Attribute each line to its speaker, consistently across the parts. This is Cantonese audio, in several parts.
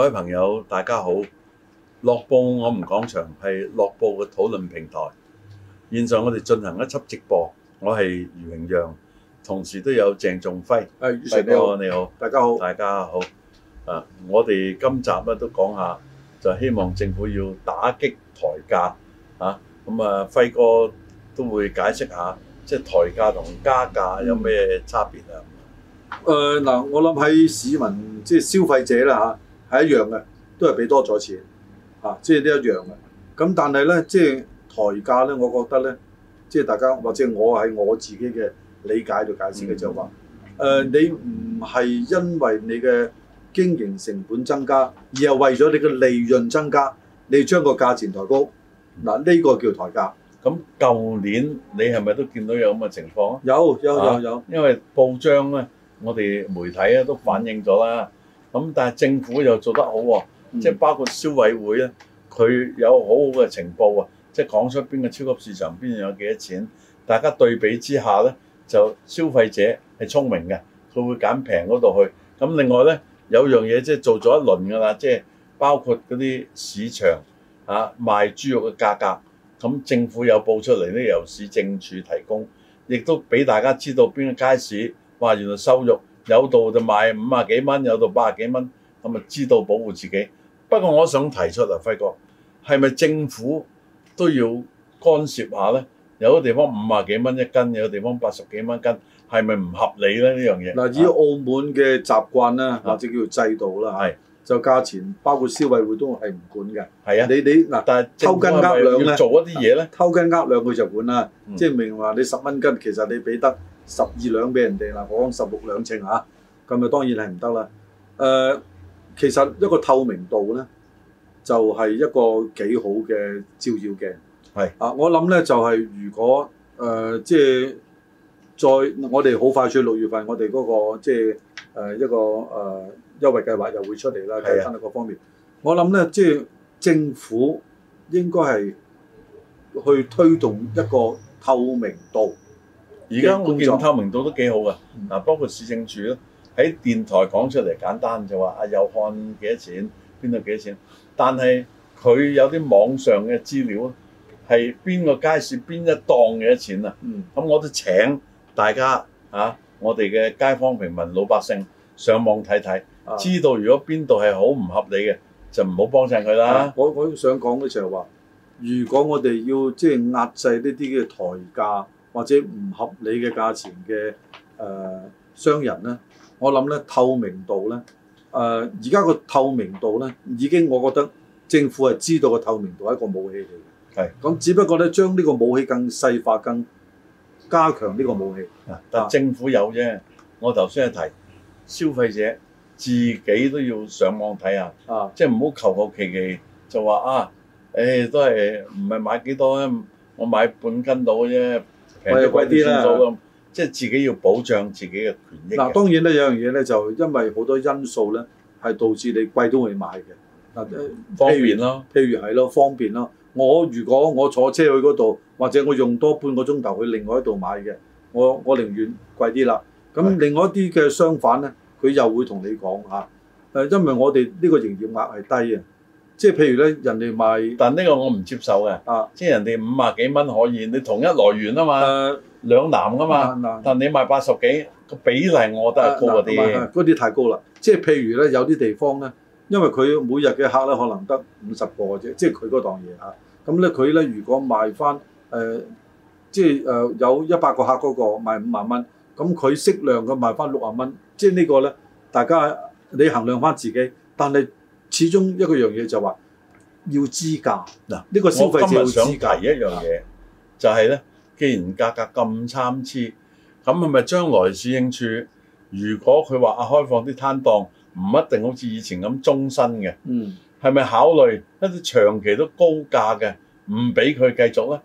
Speaker 1: 各位朋友，大家好！《樂報我唔講場》係樂報嘅討論平台。現在我哋進行一輯直播，我係余榮陽，同時都有鄭仲輝。誒、啊，哥你好，你好，你好，大家好，大家好。啊，我哋今集咧都講下，就希望政府要打擊抬價啊。咁啊，輝哥都會解釋下，即係抬價同加價有咩差別啊？誒、嗯，嗱、呃，我諗喺市民即係、就是，消費者啦吓。啊係一樣嘅，都係俾多咗錢，嚇、啊，即係都一樣嘅。咁但係咧，即係抬價咧，我覺得咧，即係大家或者我喺我自己嘅理解度解釋嘅就係話，誒、嗯呃，你唔係因為你嘅經營成本增加，而係為咗你嘅利潤增加，你將個價錢抬高，嗱，呢個叫抬價。咁舊年你係咪都見到有咁嘅情況啊？有，有，啊、有，有。因為報章咧，我哋媒體咧都反映咗啦。咁但係政府又做得好喎，即、啊、係、就是、包括消委會咧，佢有很好好嘅情報啊，即係講出邊個超級市場邊度有幾多錢，大家對比之下咧，就消費者係聰明嘅，佢會揀平嗰度去。咁另外咧，有樣嘢即係做咗一輪㗎啦，即、就、係、是、包括嗰啲市場啊賣豬肉嘅價格，咁政府又報出嚟咧，由市政處提供，亦都俾大家知道邊個街市，哇原來收肉。有度就賣五啊幾蚊，有度八啊幾蚊，咁啊知道保護自己。不過我想提出啊，輝哥，係咪政府都要干涉一下咧？有啲地方五啊幾蚊一斤，有啲地方八十幾蚊一斤，係咪唔合理咧呢樣嘢？嗱，以澳門嘅習慣啦，或者叫制度啦，係、嗯、就價錢包括消委會都係唔管嘅。係啊，你你嗱，但係偷斤呃兩做一啲嘢咧，偷斤呃兩佢就管啦。即係、嗯、明話你十蚊斤，其實你俾得。十二兩俾人哋啦，我講十六兩稱嚇，咁、啊、咪當然係唔得啦。誒、呃，其實一個透明度咧，就係、是、一個幾好嘅照妖鏡。係是的 啊，我諗咧就係、是、如果誒、呃、即係再，我哋好快喺六月份，我哋嗰、那個即係誒、呃、一個誒優、呃、惠計劃又會出嚟啦，等等各方面。是的 我諗咧即係政府應該係去推動一個透明度。而家我見到透明度都幾好㗎。嗱作包括市政署喺電台講出嚟、嗯、簡單就話啊又看幾多錢，邊度幾多錢，但係佢有啲網上嘅資料係邊個街市邊一檔幾多錢啊？咁、嗯、我都請大家啊，我哋嘅街坊平民老百姓上網睇睇，嗯、知道如果邊度係好唔合理嘅，就唔好幫襯佢啦。我我想講嘅就係話，如果我哋要即係、就是、壓制呢啲嘅抬價。或者唔合理嘅價錢嘅誒商人咧，我諗咧透明度咧誒，而家個透明度咧已經，我覺得政府係知道個透明度係一個武器嚟嘅，係咁是，只不過咧將呢個武器更細化、更加強呢個武器。但政府有啫，我頭先係提消費者自己都要上網睇下，即係唔好求求其其就話啊，誒、啊、都係唔係買幾多咧？我買半斤到嘅啫。貴就貴啲啦，即係自己要保障自己嘅權益。嗱，當然咧有樣嘢咧，就因為好多因素咧，係導致你貴都會買嘅。方便咯，譬如係咯，方便咯。我如果我坐車去嗰度，或者我用多半個鐘頭去另外一度買嘅，我我寧願貴啲啦。咁另外一啲嘅商販咧，佢的又會同你講嚇，誒，因為我哋呢個營業額係低嘅。即係譬如咧，人哋賣，但呢個我唔接受嘅。啊，即係人哋五十幾蚊可以，你同一來源啊嘛。兩、啊、兩攬嘛。啊、但你賣八十幾個比例，我覺得係高啲。嗰啲、啊啊啊啊啊、太高啦。即係譬如咧，有啲地方咧，因為佢每日嘅客咧可能得五十個啫，即係佢嗰檔嘢咁咧，佢咧如果賣翻、呃、即係、呃、有一百個客嗰個賣五萬蚊，咁佢適量嘅賣翻六萬蚊，即係呢個咧，大家你衡量翻自己。但係。始終一個樣嘢就話要支價嗱，呢、這個消費者想提一樣嘢，的就係咧，既然價格咁參差，咁係咪將來市政署如果佢話啊開放啲攤檔，唔一定好似以前咁終身嘅，嗯，係咪考慮一啲長期都高價嘅，唔俾佢繼續咧？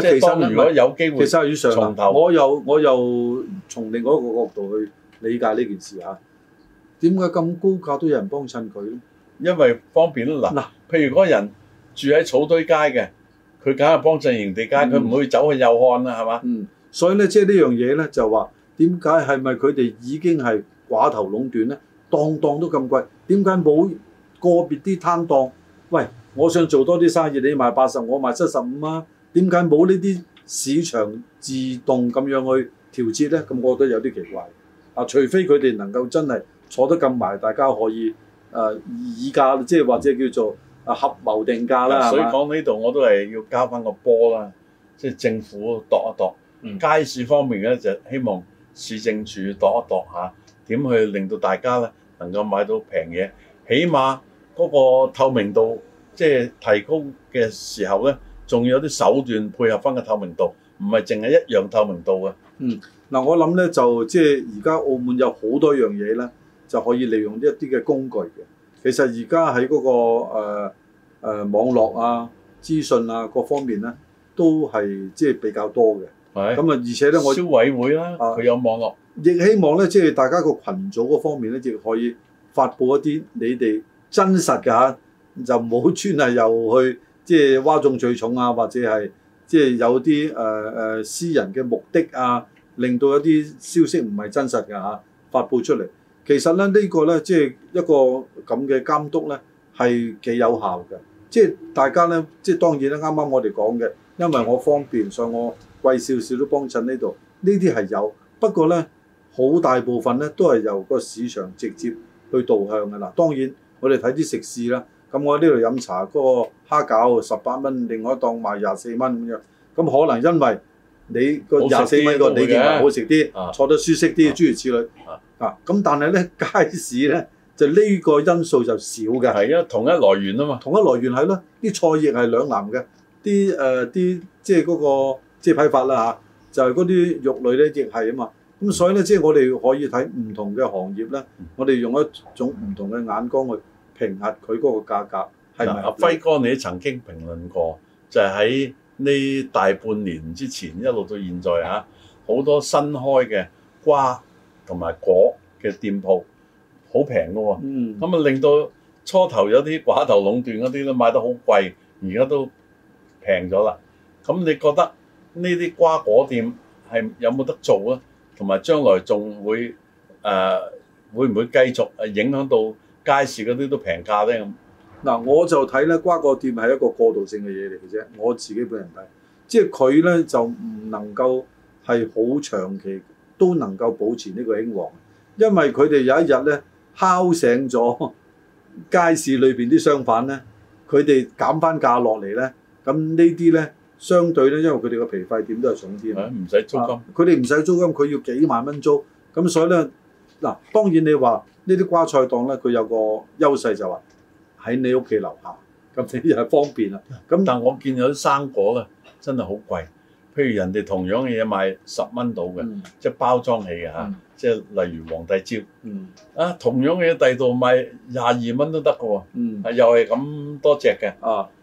Speaker 1: 即係如果有機會重頭，上我又我又從另外一個角度去理解呢件事啊。點解咁高價都有人幫襯佢咧？因為方便啦。嗱，譬如嗰人住喺草堆街嘅，佢梗係幫襯營地街，佢唔可以走去佑漢啦，係嘛？嗯。所以咧，即係呢樣嘢咧，就話點解係咪佢哋已經係寡頭壟斷咧？檔檔都咁貴，點解冇個別啲攤檔？喂，我想做多啲生意，你賣八十，我賣七十五啊？點解冇呢啲市場自動咁樣去調節咧？咁我覺得有啲奇怪。啊，除非佢哋能夠真係～坐得咁埋，大家可以誒議、呃、價，即係或者叫做合謀定價啦。嗯、吧所以講呢度，我都係要加翻個波啦，即、係、政府度一度，嗯、街市方面咧就希望市政署度一度下點去令到大家咧能夠買到平嘢，起碼嗰個透明度即係提高嘅時候咧，仲有啲手段配合翻個透明度，唔係淨係一樣透明度嘅。嗯，嗱我諗咧就即係而家澳門有好多樣嘢咧。就可以利用一啲嘅工具嘅。其實而家喺嗰個誒誒、呃呃、網絡啊、資訊啊各方面咧，都係即係比較多嘅。係咁啊，而且咧，我消委會啦、啊，佢、啊、有網絡，亦希望咧，即係大家個群組嗰方面咧，亦可以發布一啲你哋真實嘅嚇，就唔好專係又去即係嘩眾取寵啊，或者係即係有啲誒誒私人嘅目的啊，令到一啲消息唔係真實嘅嚇，發布出嚟。其實咧，呢個呢，即係一個咁嘅監督呢，係幾有效嘅。即係大家呢，即係當然咧，啱啱我哋講嘅，因為我方便，所以我貴少少都幫襯呢度。呢啲係有，不過呢，好大部分呢都係由個市場直接去導向嘅啦。當然我哋睇啲食肆啦。咁我喺呢度飲茶，嗰個蝦餃十八蚊，另外一檔賣廿四蚊咁樣。咁可能因為你個廿四蚊個李記好食啲，啊、坐得舒適啲，諸如此類。啊，咁但係咧街市咧就呢個因素就少嘅，係啊，同一來源啊嘛，同一來源係咯，啲菜葉係兩藍嘅，啲誒啲即係嗰、那個即係批發啦、啊、吓，就係嗰啲肉類咧亦係啊嘛，咁所以咧、嗯、即係我哋可以睇唔同嘅行業咧，嗯、我哋用一種唔同嘅眼光去評核佢嗰個價格係咪？阿、啊、輝哥你曾經評論過，就係喺呢大半年之前一路到現在吓、啊，好多新開嘅瓜。同埋果嘅店鋪好平嘅喎，咁啊、嗯、令到初頭有啲寡頭壟斷嗰啲都買得好貴，而家都平咗啦。咁你覺得呢啲瓜果店係有冇得做啊？同埋將來仲會誒、呃、會唔會繼續誒影響到街市嗰啲都平價咧咁？嗱，我就睇咧瓜果店係一個過渡性嘅嘢嚟嘅啫，我自己本人睇，即係佢咧就唔能夠係好長期。都能夠保持呢個興旺，因為佢哋有一日咧敲醒咗街市裏邊啲商販咧，佢哋減翻價落嚟咧，咁呢啲咧相對咧，因為佢哋個皮費點都係重啲啊，唔使租金，佢哋唔使租金，佢要幾萬蚊租，咁所以咧嗱，當然你話呢啲瓜菜檔咧，佢有個優勢就話喺你屋企樓下，咁你啲係方便啦。咁，但我見有啲生果咧，真係好貴。譬如人哋同樣嘅嘢賣十蚊到嘅，即係包裝起嘅吓，即係例如皇帝蕉，啊同樣嘅嘢第二度賣廿二蚊都得㗎喎，又係咁多隻嘅，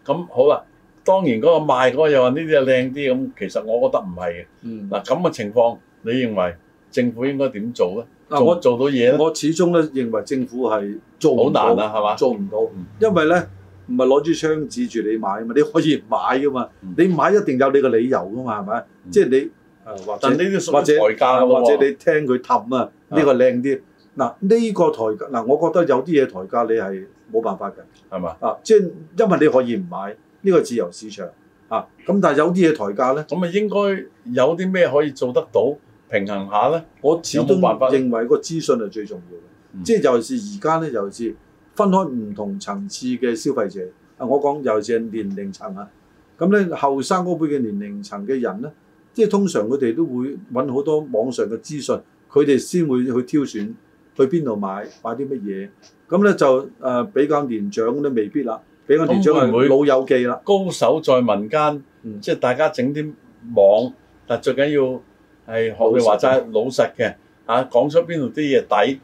Speaker 1: 咁好啦。當然嗰個賣嗰個又話呢啲靚啲，咁其實我覺得唔係嘅。嗱咁嘅情況，你認為政府應該點做咧？做我做到嘢咧，我始終都認為政府係做好難啊，係嘛？做唔到，因為咧。唔係攞住槍指住你買嘛，你可以買噶嘛，你買一定有你個理由噶嘛，係咪？即係你，或者或者抬價，或者你聽佢氹啊，呢個靚啲。嗱呢個抬嗱我覺得有啲嘢抬價你係冇辦法嘅，係嘛？啊，即係因為你可以唔買，呢個自由市場啊，咁但係有啲嘢抬價咧，咁啊應該有啲咩可以做得到平衡下咧？我始終認為個資訊係最重要嘅，即係尤其是而家咧，尤其是。分開唔同層次嘅消費者，啊，我講尤其係年齡層啊，咁咧後生嗰輩嘅年齡層嘅人咧，即係通常佢哋都會揾好多網上嘅資訊，佢哋先會去挑選去邊度買買啲乜嘢，咁咧就誒比較年長都未必啦，比較年長係會老友記啦，高手在民間，即係大家整啲網，但最緊要係學會話齋老實嘅，啊講出邊度啲嘢抵。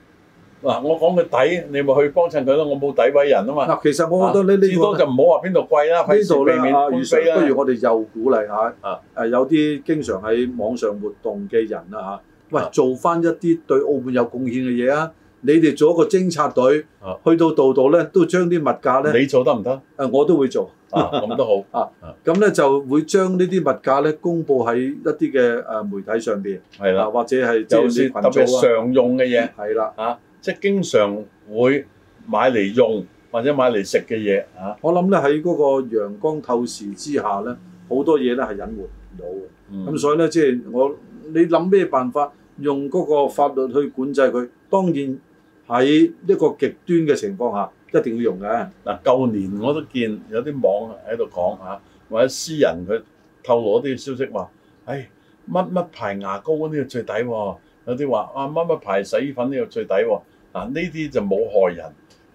Speaker 1: 嗱，我講個底，你咪去幫襯佢咯。我冇貶低人啊嘛。嗱，其實我覺得呢呢，至多就唔好話邊度貴啦，可以避免官非啦。不如我哋又鼓勵下，誒有啲經常喺網上活動嘅人啦嚇，喂，做翻一啲對澳門有貢獻嘅嘢啊！你哋做一個偵察隊，去到度度咧，都將啲物價咧，你做得唔得？誒，我都會做。咁都好。啊，咁咧就會將呢啲物價咧公佈喺一啲嘅誒媒體上邊。係啦，或者係即係群眾常用嘅嘢。係啦，嚇。即係經常會買嚟用或者買嚟食嘅嘢啊！我諗咧喺嗰個陽光透視之下咧，好、嗯、多嘢咧係隱瞞唔到嘅。咁、嗯、所以咧，即、就、係、是、我你諗咩辦法用嗰個法律去管制佢？當然喺一個極端嘅情況下，一定要用嘅嗱。舊年我都見有啲網喺度講啊，或者私人佢透露一啲消息話：，誒乜乜牌牙膏呢個最抵喎，有啲話啊乜乜牌洗衣粉呢個最抵喎。嗱，呢啲、啊、就冇害人，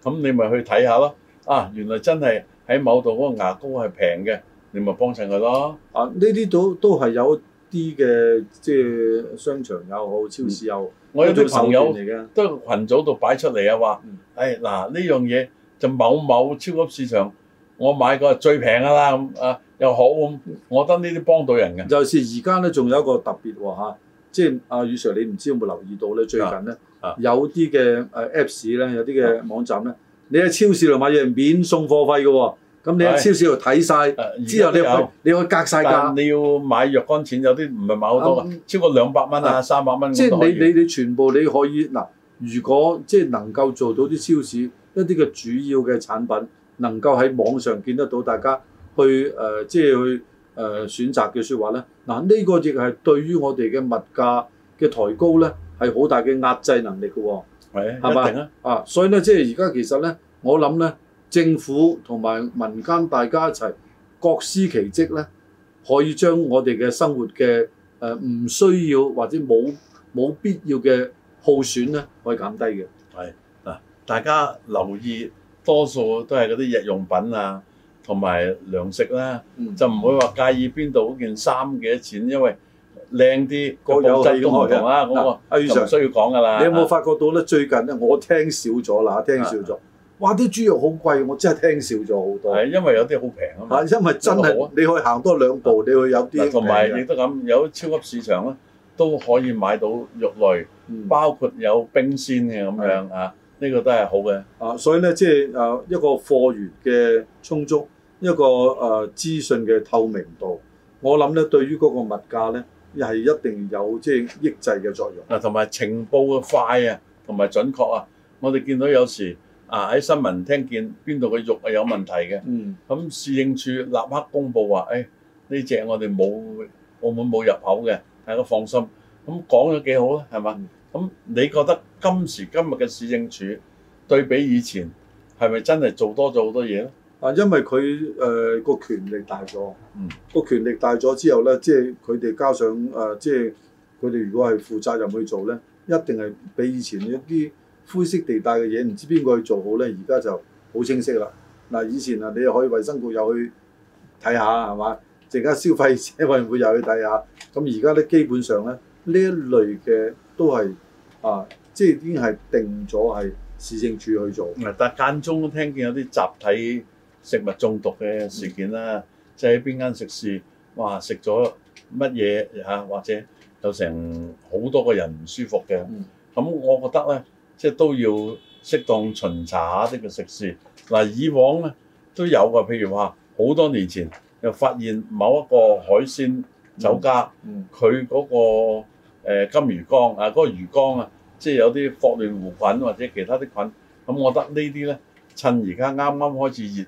Speaker 1: 咁你咪去睇下咯。啊，原來真係喺某度嗰個牙膏係平嘅，你咪幫襯佢咯。啊，呢啲都都係有啲嘅，即係商場又好，超市又好、嗯。我有啲朋友都喺羣組度擺出嚟、嗯哎、啊，話：，誒嗱，呢樣嘢就某某超級市場，我買過最平噶啦，咁啊又好咁，我覺得呢啲幫到人嘅。就是而家咧，仲有一個特別喎、啊啊即係阿、啊、宇 Sir，你唔知有冇留意到咧？最近咧、啊啊、有啲嘅 Apps 咧，有啲嘅網站咧，啊、你喺超市度買嘢係免送貨費嘅喎、哦。咁、啊、你喺超市度睇晒之後你又你去格晒價，你要買若干錢，有啲唔係買好多超過兩百蚊啊，三百蚊。即係你你你全部你可以嗱、啊，如果即係能夠做到啲超市一啲嘅主要嘅產品，能夠喺網上見得到，大家去、呃、即係去。誒、呃、選擇嘅説話咧，嗱、啊、呢、呢個亦係對於我哋嘅物價嘅抬高咧，係好大嘅壓制能力嘅喎，係嘛？啊，所以咧，即係而家其實咧，我諗咧，政府同埋民間大家一齊各司其職咧，可以將我哋嘅生活嘅誒唔需要或者冇冇必要嘅耗損咧，可以減低嘅。係嗱，大家留意，多數都係嗰啲日用品啊。同埋糧食啦，就唔會話介意邊度嗰件衫幾多錢，因為靚啲，個質都唔同啊。嗰個唔需要講㗎啦。你有冇發覺到咧？最近咧，我聽少咗嗱，聽少咗。哇！啲豬肉好貴，我真係聽少咗好多。係因為有啲好平啊嘛。因為真係你可以行多兩步，你會有啲同埋亦都咁有超級市場咧都可以買到肉類，包括有冰鮮嘅咁樣啊。呢個都係好嘅啊。所以咧，即係誒一個貨源嘅充足。一個誒資訊嘅透明度，我諗咧對於嗰個物價咧，又係一定有即係抑制嘅作用。嗱、啊，同埋情報嘅快啊，同埋準確啊，我哋見到有時啊喺新聞聽見邊度嘅肉係有問題嘅，咁、嗯、市政署立刻公佈話：誒、哎、呢隻呢隻我哋冇，澳門冇入口嘅，大家放心。咁講咗幾好啦，係嘛？咁、嗯、你覺得今時今日嘅市政署對比以前係咪真係做多咗好多嘢咧？啊，因為佢誒個權力大咗，個、嗯、權力大咗之後咧，即係佢哋加上誒、呃，即係佢哋如果係負責任去做咧，一定係比以前一啲灰色地帶嘅嘢，唔知邊個去做好咧，而家就好清晰啦。嗱、呃，以前啊，你又可以衞生局又去睇下，係嘛、嗯？而家消費者委員會又去睇下，咁而家咧基本上咧，呢一類嘅都係啊，即係已經係定咗係市政署去做。但間中都聽見有啲集體。食物中毒嘅事件啦，嗯、即係喺邊間食肆，哇，食咗乜嘢吓，或者有成好多個人唔舒服嘅。咁、嗯、我覺得咧，即係都要適當巡查下呢個食肆。嗱、啊，以往咧都有嘅，譬如話好多年前又發現某一個海鮮酒家，佢嗰、嗯嗯那個、呃、金魚缸啊，嗰、那個魚缸啊，嗯、即係有啲霍亂弧菌或者其他啲菌。咁我覺得這些呢啲咧，趁而家啱啱開始熱。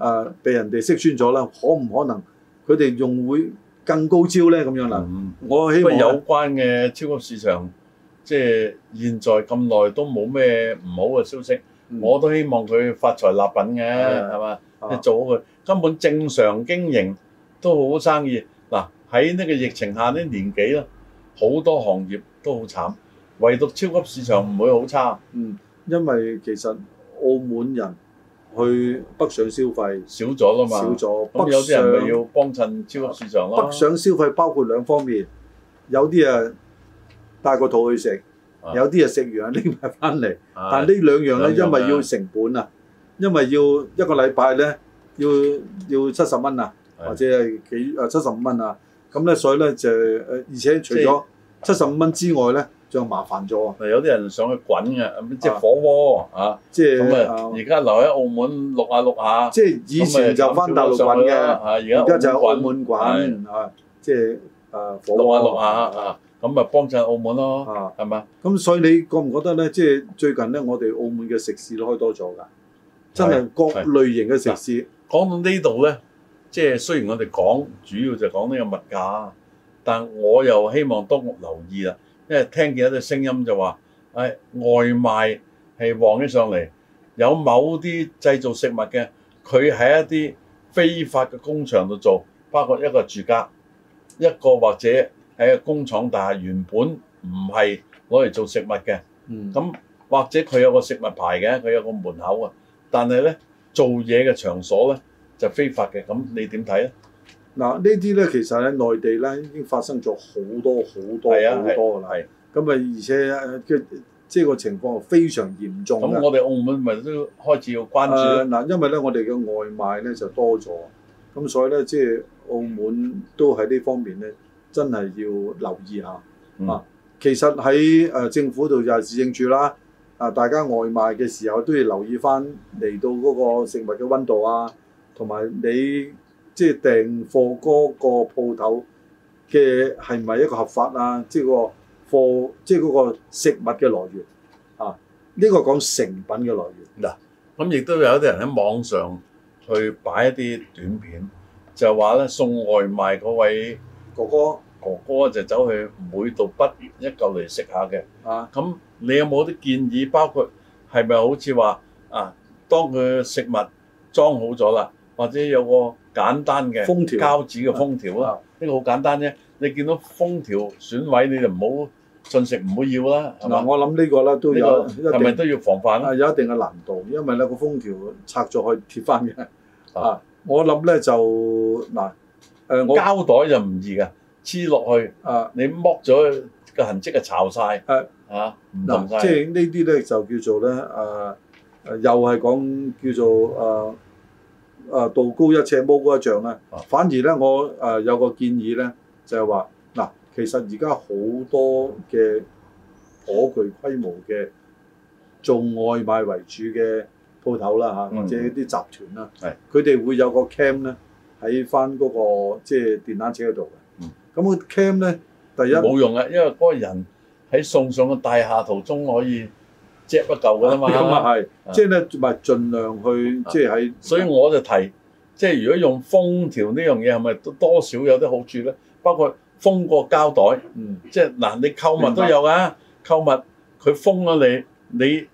Speaker 1: 誒被人哋識穿咗啦，可唔可能佢哋用會更高招咧？咁樣嗱，我希望。不過有關嘅超級市場，即係現在咁耐都冇咩唔好嘅消息，我都希望佢發財立品嘅，係嘛？你做好佢，根本正常經營都好好生意。嗱，喺呢個疫情下呢年幾啦，好多行業都好慘，唯獨超級市場唔會好差。嗯，因為其實澳門人。去北上消費少咗啦嘛，咁少咗有人咪要幫襯超級市場咯。北上消費包括兩方面，有啲啊帶個肚去食。啊、有啲啊食完拎埋翻嚟。但呢兩樣咧，樣呢因為要成本啊，因為要一個禮拜咧要要七十蚊啊，的或者係幾啊七十五蚊啊。咁咧所以咧就誒，而且除咗七十五蚊之外咧。就是就麻煩咗啊！有啲人想去滾嘅，即係火鍋啊！即係咁啊！而家留喺澳門碌下碌下。即係以前就翻大陸滾嘅，啊！而家就澳門滾，啊！即係啊，火鍋，碌下碌下啊！咁啊，幫襯澳門咯，係嘛？咁所以你覺唔覺得咧？即係最近咧，我哋澳門嘅食肆都開多咗㗎，真係各類型嘅食肆。講到呢度咧，即係雖然我哋講主要就講呢個物價，但我又希望多留意啦。因為聽見一隻聲音就話，誒、哎、外賣係旺起上嚟，有某啲製造食物嘅，佢喺一啲非法嘅工場度做，包括一個住家，一個或者喺個工廠大廈原本唔係攞嚟做食物嘅，咁、嗯、或者佢有個食物牌嘅，佢有個門口啊，但係咧做嘢嘅場所咧就非法嘅，咁你點睇啊？嗱，呢啲咧其實喺內地咧已經發生咗好多好多好多噶啦，咁啊而且嘅即係個情況非常嚴重。咁我哋澳門咪都開始要關注咧。嗱、呃，因為咧我哋嘅外賣咧就多咗，咁所以咧即係澳門都喺呢方面咧真係要留意下啊。嗯、其實喺誒政府度就係市政署啦，啊大家外賣嘅時候都要留意翻嚟到嗰個食物嘅溫度啊，同埋你。即係訂貨嗰個鋪頭嘅係咪一個合法啊？即係嗰個貨，即係嗰個食物嘅來源啊？呢個講成品嘅來源嗱，咁亦都有一啲人喺網上去擺一啲短片，就話咧送外賣嗰位哥哥哥哥就走去每度不如一嚿嚟食下嘅啊！咁你有冇啲建議？包括係咪好似話啊？當佢食物裝好咗啦？或者有個簡單嘅封膠紙嘅封條啦，呢個好簡單啫。你見到封條損毀，你就唔好進食，唔好要啦。嗱，我諗呢個咧都要，係咪都要防範咧、啊？有一定嘅難度，因為咧個封條拆咗可以貼翻嘅。啊，我諗咧就嗱，誒膠袋就唔易嘅，黐落去啊，你剝咗個痕跡啊，巢晒、啊。啊，唔即係呢啲咧就叫做咧，誒又係講叫做誒。誒、啊、道高一尺，魔高一丈咧。反而咧，我、呃、有個建議咧，就係話嗱，其實而家好多嘅頗具規模嘅做外賣為主嘅鋪頭啦嚇，或、啊、者、嗯、一啲集團啦，佢哋是會有個 cam 咧喺翻嗰個即係電單車嗰度嘅。咁個、嗯、cam 咧，第一冇用嘅，因為嗰個人喺送上嘅大廈途中可以。即不夠㗎啦嘛，咁啊係，即係咧，咪盡量去，即係，所以我就提，即係如果用封條呢樣嘢，係咪多少有啲好處咧？包括封個膠袋，嗯，即係嗱，你購物都有㗎，購物佢封咗你，你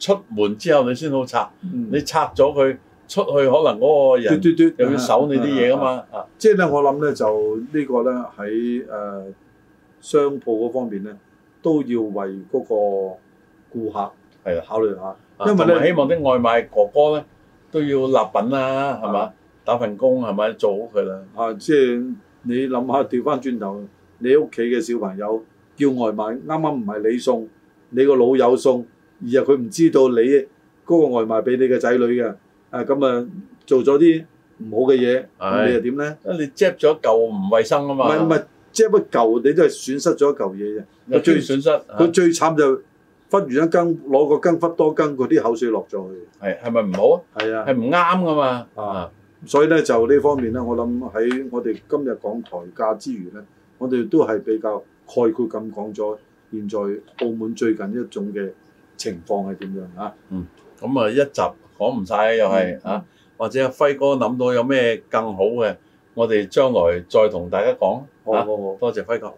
Speaker 1: 出門之後你先好拆，你拆咗佢出去，可能嗰個人嘟嘟嘟，又要搜你啲嘢㗎嘛，即係咧，我諗咧就呢個咧喺誒商鋪嗰方面咧，都要為嗰個顧客。係啊，考慮下，因為咧，啊、希望啲外賣哥哥咧都要立品啦，係嘛吧？啊、打份工係咪做好佢啦？啊，即係你諗下調翻轉頭，你屋企嘅小朋友叫外賣，啱啱唔係你送，你個老友送，而係佢唔知道你嗰、那個外賣俾你嘅仔女嘅，啊咁啊做咗啲唔好嘅嘢，咁你又點咧？啊，啊了不是的你執咗一嚿唔衞生啊嘛？唔係唔係，執、就是、一嚿你都係損失咗一嚿嘢嘅。最損失，佢、啊、最慘就是。不如一羹攞個羹，忽多羹，嗰啲口水落咗去。係係咪唔好？係啊，係唔啱噶嘛。啊，所以咧就呢方面咧，我諗喺我哋今日講抬價之餘咧，我哋都係比較概括咁講咗現在澳門最近一種嘅情況係點樣啊？嗯，咁啊一集講唔晒，又係、嗯、啊，或者輝哥諗到有咩更好嘅，我哋將來再同大家講。好好好，啊、好好多謝輝哥。